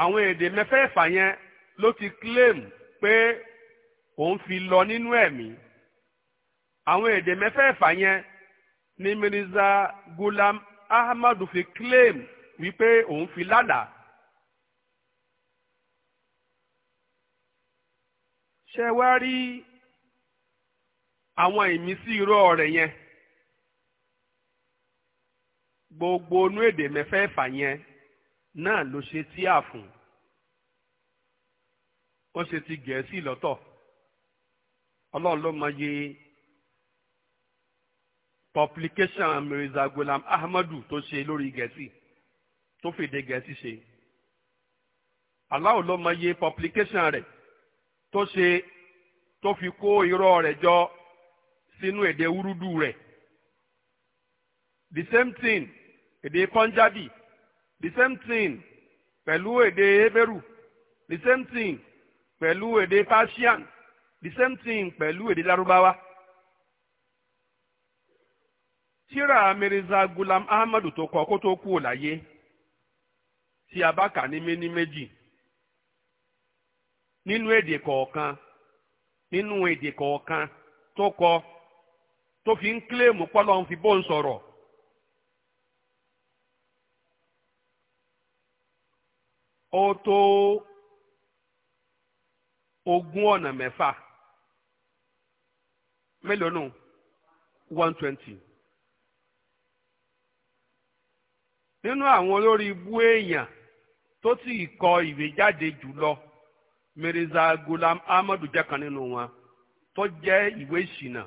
àwọn èdè mẹ́fẹ̀ẹ̀fà yẹn ló ti claim pé òun fi lọ nínú ẹ̀mí àwọn èdè mẹ́fẹ̀ẹ̀fà yẹn ni Mirza Gulam Ahmadu fi claim wípé òun fi ládàá. ṣe wá rí àwọn ìmísí irọ́ rẹ̀ yẹn gbogbo onú èdè mẹ́fẹ̀ẹ̀fà yẹn náà ló ṣe tíà fún ó ṣe ti gẹ̀ẹ́sì lọ́tọ̀ ọlọ́run ló mọye publication Mirza Ghulam Ahmadu tó ṣe lórí gẹ̀ẹ́sì tó fèdè gẹ̀ẹ́sì ṣe aláwo ló mọye publication rẹ̀ tó ṣe tó fi kó irọ́ rẹ̀ jọ sínú èdè Urdu rẹ̀ the same thing èdè Punjabi the same thing pẹ̀lú èdè Hebrew the same thing pẹ̀lú èdè Persian the same thing pẹ̀lú èdè larubawa. tíra Mirza Gulam Ahmadu tó kọ kó tó kú ò láyé tí a bá kà ní méní méjì nínú èdè kọ̀ọ̀kan nínú èdè kọ̀ọ̀kan tó kọ tó fi ń kílèmù pọ́lọ́ ń fi bó sọ̀rọ̀. ó tó ogún ọ̀nà mẹ́fà mélòó nù one twenty nínú àwọn olórí ibú èèyàn tó sì kọ ìwé jáde jùlọ mirza gulam ahmadu jẹ́ kan nínú wọn tó jẹ́ ìwé ìṣìnà.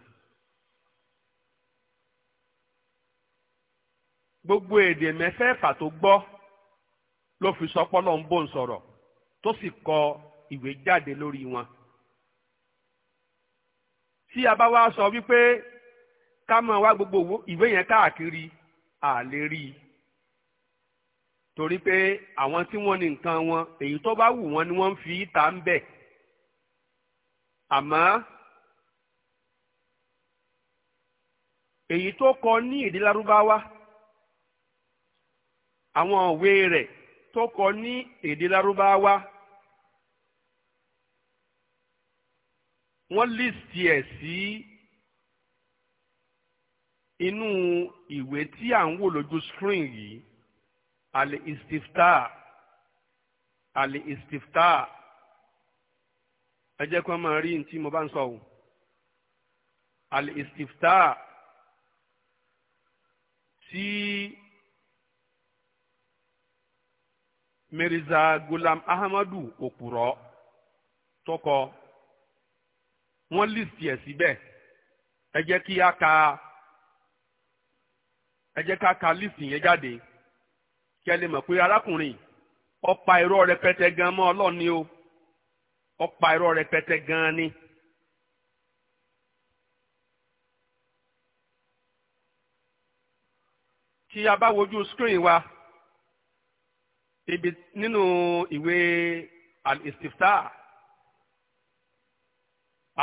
gbogbo èdè mẹ́fẹ̀ẹ̀fà tó gbọ́ ló fi sọpọlọ ń bò ń sọ̀rọ̀ tó sì kọ ìwé jáde lórí wọn. tí a bá wá sọ wípé ká máa wá gbogbo ìwé yẹn káàkiri à lè rí i torí pé àwọn tí wọ́n ní nǹkan wọn èyí tó bá wù wọ́n ni wọ́n ń fi ta ń bẹ̀ àmọ́ èyí tó kọ ní èdè lárúbáwá àwọn òwe rẹ̀ tó kọ ní èdè lárúbáwá wọ́n lísìtì ẹ̀ sí inú ìwé tí à ń wò lójú screen yìí àlè ìsìftà àlè ìsìftà ẹ jẹ́ kí máa rí ní mo bá ń sọ o àlè ìsìftà tí. Si, mirza gulam ahmadu òpùrọ́ tọkọ wọ́n list ẹ̀ síbẹ̀ ẹ jẹ́ kí a ka ẹ jẹ́ ká ka list yẹn jáde kí ẹ lè mọ̀ pé arákùnrin ọ̀pá irọ́ rẹpẹtẹ gan mọ́ ọlọ́ọ̀ni o ọ̀pá irọ́ rẹpẹtẹ gan ni. tí a bá wojú screen wa. ibi nínú ìwé al-istifta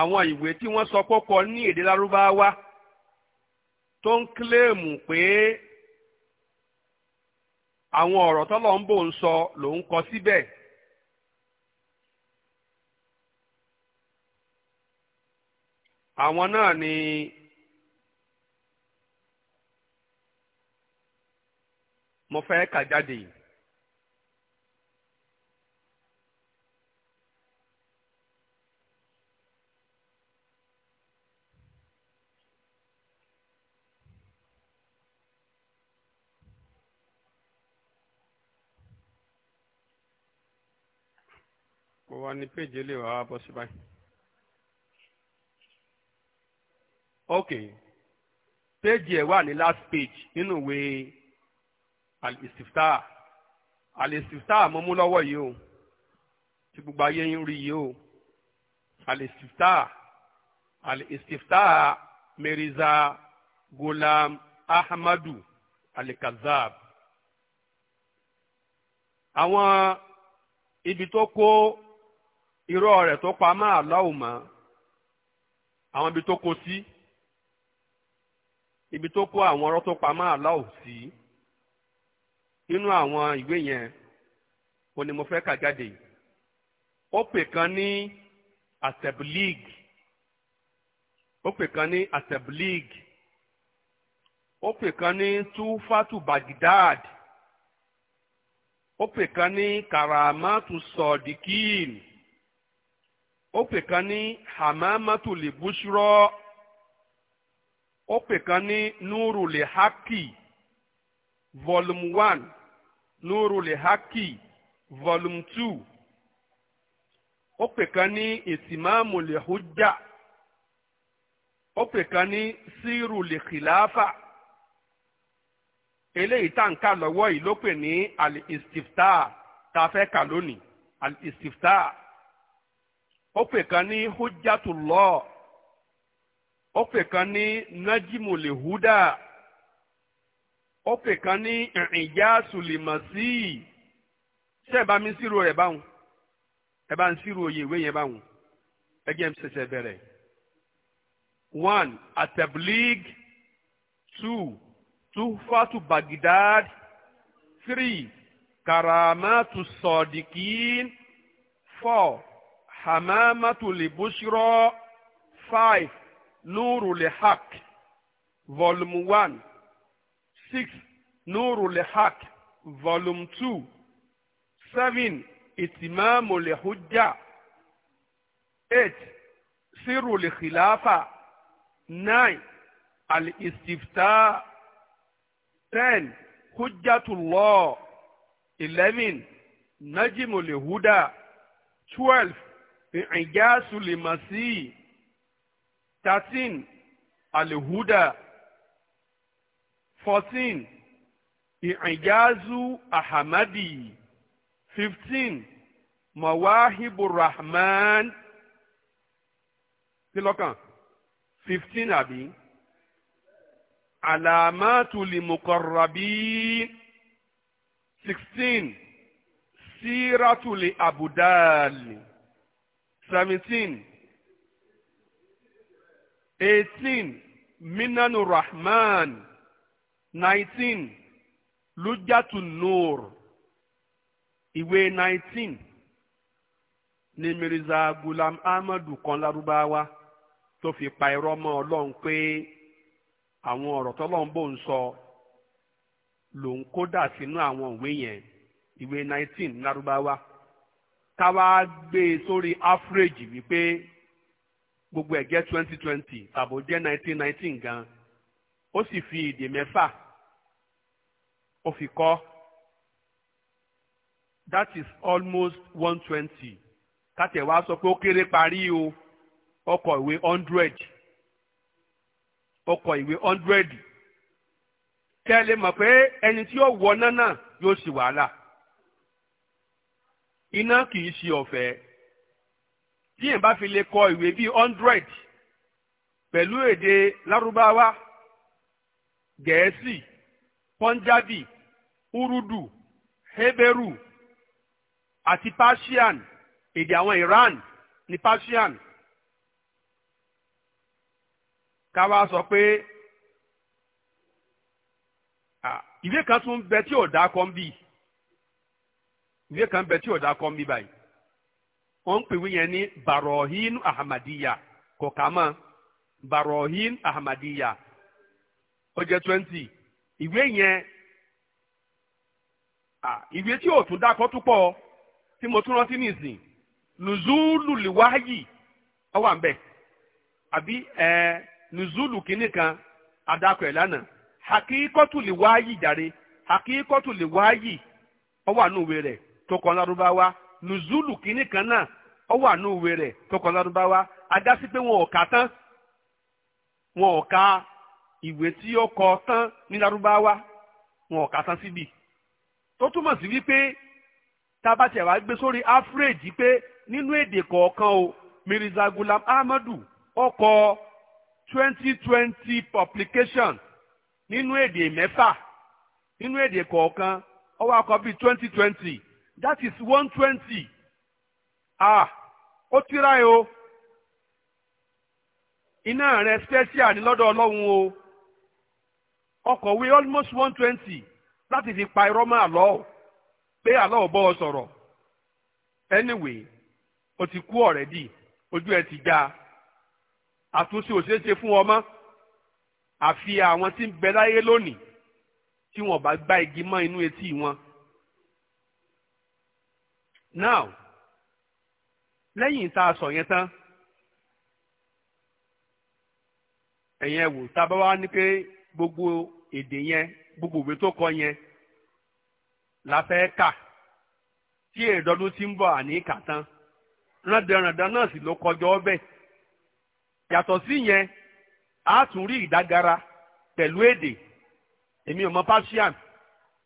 àwọn ìwé tí wọ́n sọ kọ́kọ́ ní èdè lárúbáwá tó ń kílèmù pé àwọn ọ̀rọ̀ tọ́lọ̀ ń bò ń sọ ló ń kọ síbẹ̀. àwọn náà ni mo fẹ́ kà jáde yìí. wa ni péjì lè wà wá bọ́ sí báyìí. ok péjì ẹ̀ wà ní last page nínú ìwé al-istifta al-istifta mọ́mú lọ́wọ́ yìí o tí gbogbo ayé ń rí yìí o al-istifta al-istifta meriza gulam ahmadu alikazab àwọn ibi tó kó irọ́ rẹ̀ tó pa máa lọ́wọ́ mọ́ àwọn ibi tó kó sí ibi tó kó àwọn ọ̀rọ̀ tó pa máa lọ́wọ́ sí nínú àwọn ìwé yẹn ó ní mo fẹ́ kà jáde ó pè kan ní ateblig ó pè kan ní ateblig ó pè kan ní tufatu baghdad ó pè kan ní karamatu sọdikin. So ó pè kan ní hamamatu lè búṣúrọ́ ó pè kan ní nuru lè haki volume one nuru lè haki volume two ó pè kan ní ìtìmáàmù lè hujja ó pè kan ní síru lè kìláfà eléyìí tá n ká lọ́wọ́ yìí ló pè ní al-istifta tá a fẹ́ kà lónìí al-istifta ó pè kan ní hujjatullah ó pè kan ní najimul huda ó pè kan ní i'jasul masih ṣé ẹ bá mi sírò rẹ̀ báwọn ẹ bá ń sírò òye ìwé yẹn báwọn ẹ jẹ́ ń ṣẹ̀ṣẹ̀ bẹ̀rẹ̀ one atablig two tuhfatu bagdad three karamatu sadiqin four hamamatu li bushro five nuru li volume one six nuru li volume two seven itimamu li hujja eight siru li khilafa nine al istifta ten hujjatullah eleven najimu li twelve ìjáàsù lè mà sí thirteen alihuda fourteen ìjáàzù ahamadi fifteen mawahibu rahman kí lọ́kàn fifteen àbí alamatu limukarrabin sixteen síratu li abudali seventeen eighteen minanu rahman nineteen lujatu nur ìwé nineteen ni mirza gulam amadu kan lárúbáwá tó fi pa irọ́ mọ́ ọlọ́run pé àwọn ọ̀rọ̀ tọ́lọ́run bò ń sọ lòun kódà sínú àwọn ìwé yẹn ìwé nineteen lárúbáwá táwa gbé e sórí average wípé gbogbo ẹ̀ jẹ́ twenty twenty tàbó jẹ́ nineteen nineteen gan ó sì fi ìdè mẹ́fà ó fi kọ́ that is almost one twenty kátẹ̀wá sọ pé ó kéré parí o ọkọ̀ ìwé hundred ọkọ̀ ìwé hundred kẹ́ ẹ lè mọ̀ pé ẹni tí yóò wọ náà náà yóò ṣì wàhálà iná kì í ṣe ọ̀fẹ́ tí èèyàn bá fi lè kọ ìwé bíi hundred pẹ̀lú èdè lárúbáwá gẹ̀ẹ́sì pọ́njábì urúdù heberu àti persian èdè àwọn iran ní persian ká wá sọ pé ìwé kan tún bẹ tí ò dákọ́ ń bíi. iwe ka n'ubekwa ụda kpọmbe ịba ị ọ n'ukwu ewu ya na ọkwa baro hi amadi ya ọkwa kama baro hi amadi ya iwe ya ah iwe tụ ọ tụ da kọtụ pọ timoteo ọ sị ya n'isi nuzulu n'iwayi ọ waa eme ọ bụ nuzulu kwaninka adakụla na ha n'ikotolo wayi dịrị ha n'ikotolo wayi ọ waa tụkọ n'arubawa nuzulu kini kana ọ waa n'owere tụkọ n'arubawa agasi kpe m ọ ka tan m ọ ka ìgwè ti ọ kọ tan n'arubawa m ọ ka tan si bi tọtụmọsị bi kpe tabachawagbe sori afreji kpe ninu ede kọọkan o mirizagula amadu ọ kọ 2020 publication ninu ede mefa ninu ede kọọkan ọ baa kọ bi 2020. that is 120. ah ó tíra ẹ o iná rẹ special ní lọ́dọ̀ ọlọ́run o ọkọ̀wé almost 120. twenty láti fi pa irọ́ máa lọ́ pé àlọ́ ò bọ́ ọ sọ̀rọ̀ anyway o ti kú already ojú ẹ ti já àtúnṣe òṣèṣe fún ọmọ àfi àwọn tí ń bẹ láyé lónìí tí wọn bá gbá igi mọ́ inú etí wọn. now lẹ́yìn tá a sọ yẹn tán ẹ̀yẹn wò tá a bá wá ní pé gbogbo èdè yẹn gbogbo òwe tó kọ yẹn la fẹ́ kà tí èdọ́dún ti ń bọ̀ àní kà tán rándanrandan náà sì ló kọjọ ọbẹ̀ yàtọ̀ sí yẹn a tún rí ìdágara pẹ̀lú èdè èmi ò mọ persian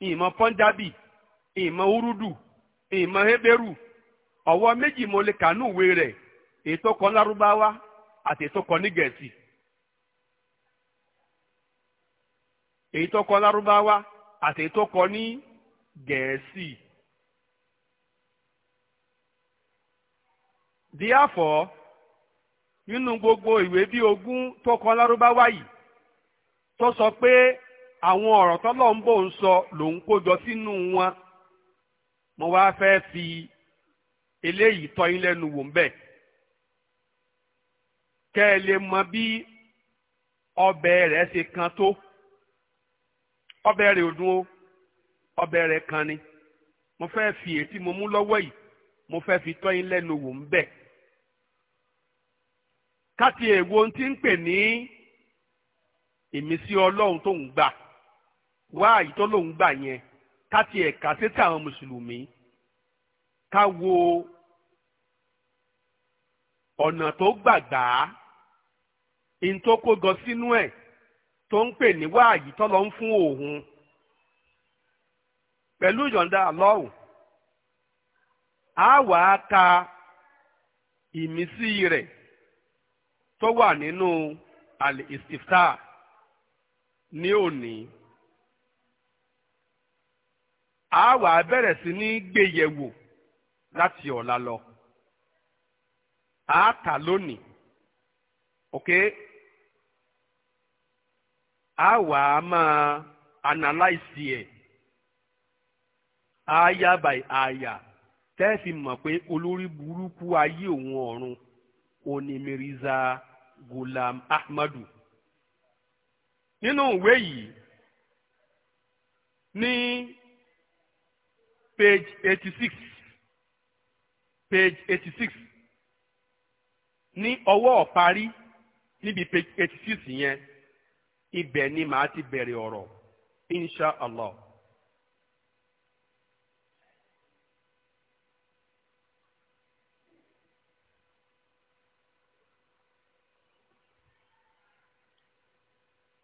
ìmọ̀ punjabi ìmọ̀ urdu ìmọ̀ Hébérù ọ̀wọ́ méjì mo lè kà nùwé rẹ̀ ètò kan lárúbáwá àti ètò kan ní gẹ̀ẹ́sì. ètò kan lárúbáwá àti ètò kan ní gẹ̀ẹ́sì. Therefore, nínú gbogbo ìwé bíi ogún tó kọ lárúbáwá yìí tó sọ pé àwọn ọ̀rọ̀ tọ́lọ́ ń bò ń sọ lòun kó jọ sínú wọn. mo wá fẹ́ fi eléyìí tọ́ yín lẹ́nu wò ń bẹ̀ kẹ́ ẹ lè mọ bí ọbẹ̀ rẹ̀ ṣe kan tó ọbẹ̀ rẹ̀ ò dùn ọbẹ̀ rẹ̀ kan ni mo fẹ́ fi ètí mo mú lọ́wọ́ yìí mo fẹ́ fi tọ́ yín lẹ́nu wò ń káti èwo ti ń pè ní ìmísí ọlọ́run tó ń gbà wá àyítọ́ ló ń gbà yẹn ká tiẹ̀ kà sétí àwọn mùsùlùmí ká wo ọ̀nà tó gbàgbà in tó kó gọ sínú ẹ̀ tó ń pè ní wáàyí tó lọ ń fún òun pẹ̀lú ìyọ̀ǹda àlọ́hùn ka ìmísí rẹ̀ tó wà nínú ní a wà bẹ̀rẹ̀ sí ní gbéyẹ̀wò láti ọ̀la lọ a kà lónìí ok a wà á máa analyse ẹ̀ aya by aya tẹ́ẹ̀fì mọ̀ pé olórí burúkú ayé òun ọ̀run òní Gulam Ahmadu nínú ìwé yìí ní. page 86 page 86 ní ọwọ́ ọ̀parí níbi page 86 yẹn ibẹ̀ ni màá ti bẹ̀rẹ̀ ọ̀rọ̀ insha allah.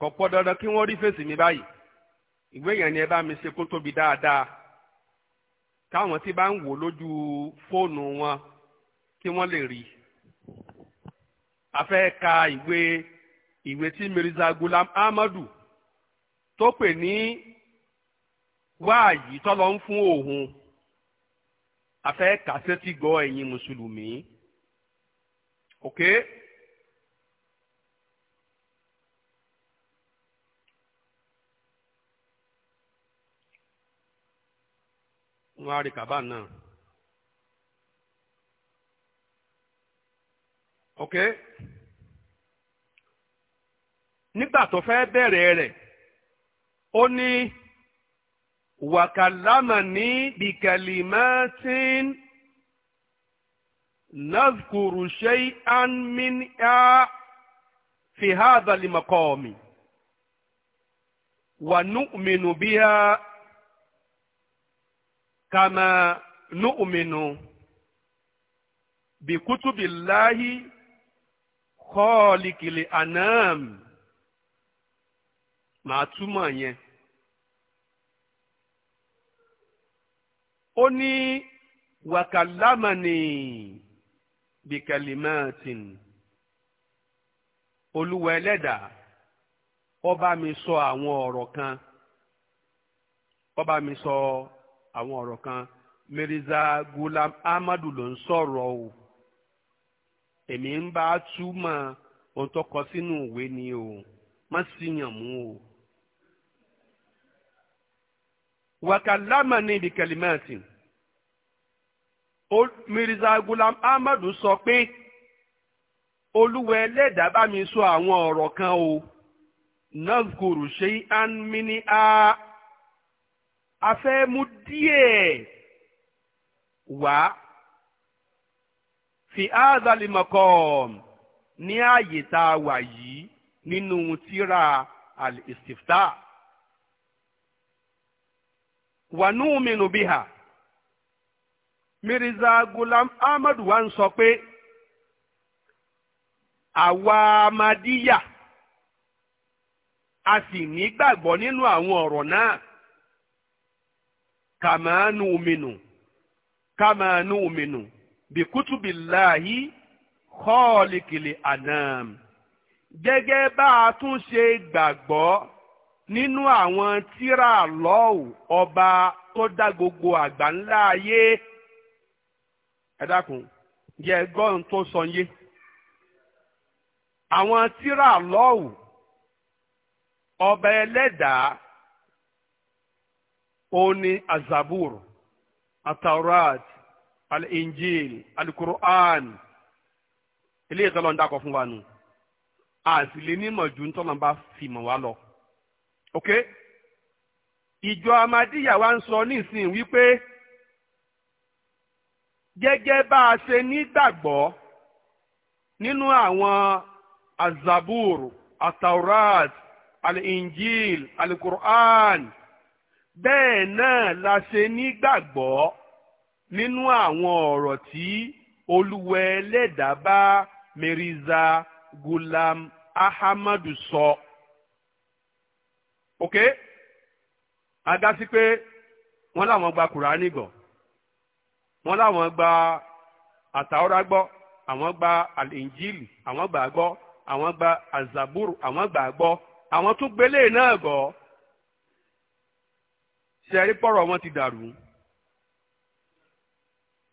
kọ̀pọ̀ dandan kí wọ́n rí fèsì mi báyìí ìwé yẹn ni ẹ bá mi ṣe kó tóbi dáadáa. káwọn tí bá ń wò lójú fóònù wọn kí wọ́n lè rí a fẹ́ ka ìwé ìwé tí Mirza Gulam Ahmadu tó pè ní wáàyí tọ́lọ́ ń fún òun a fẹ́ kà sétí gbọ́ ẹ̀yin mùsùlùmí. Okay? wọ́n á rí kàbá náà. ok nígbà tó fẹ́ bẹ̀rẹ̀ rẹ̀ ó ní wàkàlámà ní bìkàlímẹ́tìn nazkuru shay'an min ya fi hadha limakami wa kama nu'minu bi kutubillahi khaliqil anam màá túmọ̀ yẹn. ó ní wàkàlámàní bìkàlímàtìn olúwa ẹlẹ́dàá ó bá mi sọ àwọn ọ̀rọ̀ kan ó mi sọ àwọn ọ̀rọ̀ kan Mirza Gulam Ahmadu ló ń sọ̀rọ̀ o èmi ń bá túmọ̀ ohun tó kọ sínú ìwé ni o má sì yàn o. wàkàlámà ní ibi kẹlímẹ́ẹ̀tì Mirza Gulam Ahmadu sọ pé olúwa ẹlẹ́dàá bá mi sọ àwọn ọ̀rọ̀ kan o nazkuru shay'an mini a. a fẹ́ mú díẹ̀ wá fi áàzàlì ni ní ààyè tá a wà yìí nínú tíra al-istifta wà núùmínú ha. mirza gulam ahmed wa n sọ pé àwa amadiya a sì nígbàgbọ́ nínú àwọn ọ̀rọ̀ náà. kama nu'minu kama nu'minu bi kutubillahi khaliqil anam gẹ́gẹ́ bá a tún ṣe gbàgbọ́ nínú àwọn tírà lọ́wù ọba tó dá gbogbo àgbà ńlá ayé ẹ dákun yẹ gọ́n tó sọ yé àwọn tírà lọ́wù ọba ẹlẹ́dàá oni azabur ataurat alinjil, alquran, al-Qur'an ilé ìtọ́lọ́ ń dákọ̀ fún wa nù àti lè nímọ̀ ju ntọ́lọ́ bá fi mọ̀ wá lọ. ìjọ amadíyà ń sọ nísìnyí wípé gẹ́gẹ́ bá a ṣe nígbàgbọ́ nínú àwọn azabur ataurat al-injil al-Qur'an. alinjil, alquran bẹ́ẹ̀ náà la ṣe nígbàgbọ́ nínú àwọn ọ̀rọ̀ tí olúwa ẹlẹ́dàá bá Mirza Gulam Ahmadu sọ. ok agasi pé wọ́n láwọn gba Kùránì gbọ́ wọ́n láwọn gba àtàwọ́rá gbọ́ àwọn gba àlìǹjìlì àwọn gbà gbọ́ àwọn gba àzàbúrù àwọn gbà gbọ́ àwọn tún gbélé náà gbọ́ ṣẹ̀rí pọ̀rọ̀ wọn ti dàrú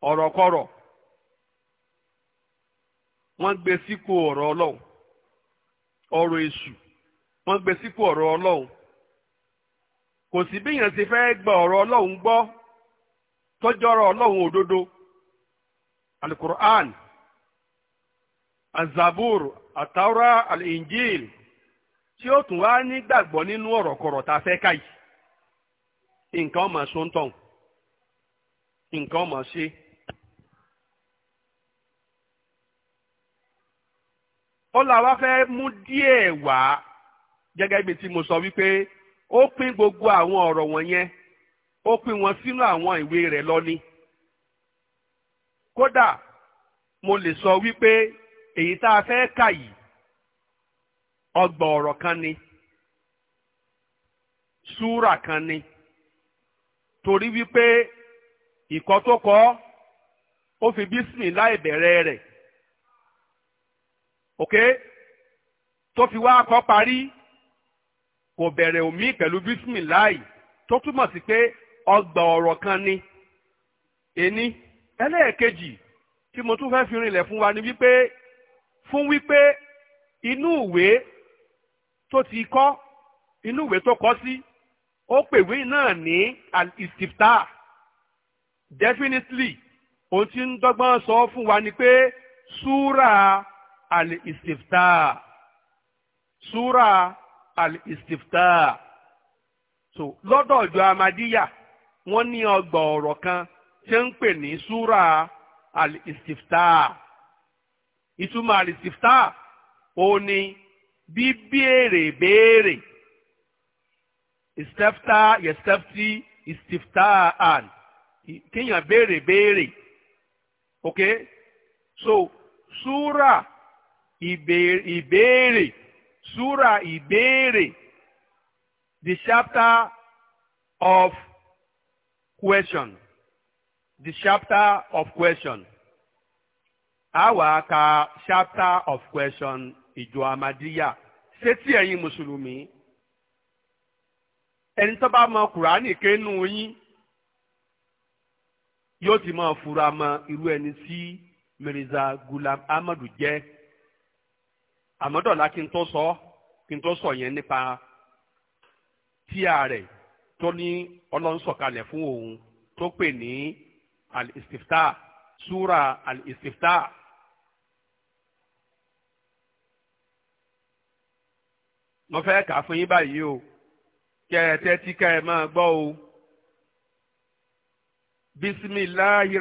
ọ̀rọ̀kọ̀rọ̀ wọ́n gbé síkò ọ̀rọ̀ ọlọ́run ọ̀rọ̀ èṣù wọ́n gbé síkò ọ̀rọ̀ ọlọ́run kò sí bí èèyàn ṣe fẹ́ gba ọ̀rọ̀ ọlọ́run gbọ́ tọ́jọ́rọ̀ ọlọ́run òdodo alukur'an azabur ataura alinjil tí ó tún wá nígbàgbọ́ nínú ọ̀rọ̀kọ̀rọ̀ tá a fẹ́ ká nǹkan ọ ṣó ń tọ̀hún nǹkan ọmọ ṣe. ó làwa fẹ́ mú díẹ̀ wá gẹ́gẹ́ bí tí mo sọ wípé ó pín gbogbo àwọn wọn wọ̀nyẹn ó pín wọn sínú àwọn ìwé rẹ̀ lọ ni. kódà mo lè sọ wípé èyí tá a fẹ́ kà yìí ọgbọ̀n ọ̀rọ̀ kan ni súrà kan ni. torí wípé ìkọ́ tó kọ́ ó fi bísímìlá ìbẹ̀rẹ̀ rẹ̀ ok tó fi wá kọ́ parí kò bẹ̀rẹ̀ omi pẹ̀lú bísímìlá yìí tó túmọ̀ sí pé ọgbà ọ̀rọ̀ kan ni ẹni ẹlẹ́ẹ̀kejì tí mo tún fẹ́ fi rinlẹ̀ fún wa ni wípé fún wípé inú ìwé tó ti kọ́ inú ìwé tó kọ́ sí. Si, ó pèwé náà ní al-istifta definitely ohun tí ń dọ́gbọ́n sọ fún wa ni pé súra al-istifta súra al-istifta so lọ́dọ̀ ìjọ amadíyà wọ́n ní ọgbà ọ̀rọ̀ kan tí ń pè ní súra al-istifta ìtumọ̀ al-istifta ó ní bíbéèrè béèrè istefta yestefti istiftaan kéèyàn béèrè béèrè ok so súra ìbéèrè súra ìbéèrè the chapter of question the chapter of question àwa ka chapter of question ìjọ amadiya ṣé tí ẹ̀yin mùsùlùmí ẹni tó bá mọ kùránì kéénú yín yóò ti máa fura mọ irú ẹni tí Mirza Gulam Ahmadu jẹ́ àmọ́dọ̀lá kí n tó sọ kí n tó sọ yẹn nípa tíya rẹ̀ tó ní ọlọ́nsọ̀kalẹ̀ fún òun tó pè ní al-istifta sura al-istifta. mo fẹ́ kà á fún yín báyìí o kẹ́ ẹ tẹ́tí ká ẹ máa gbọ́ o. bisimilahi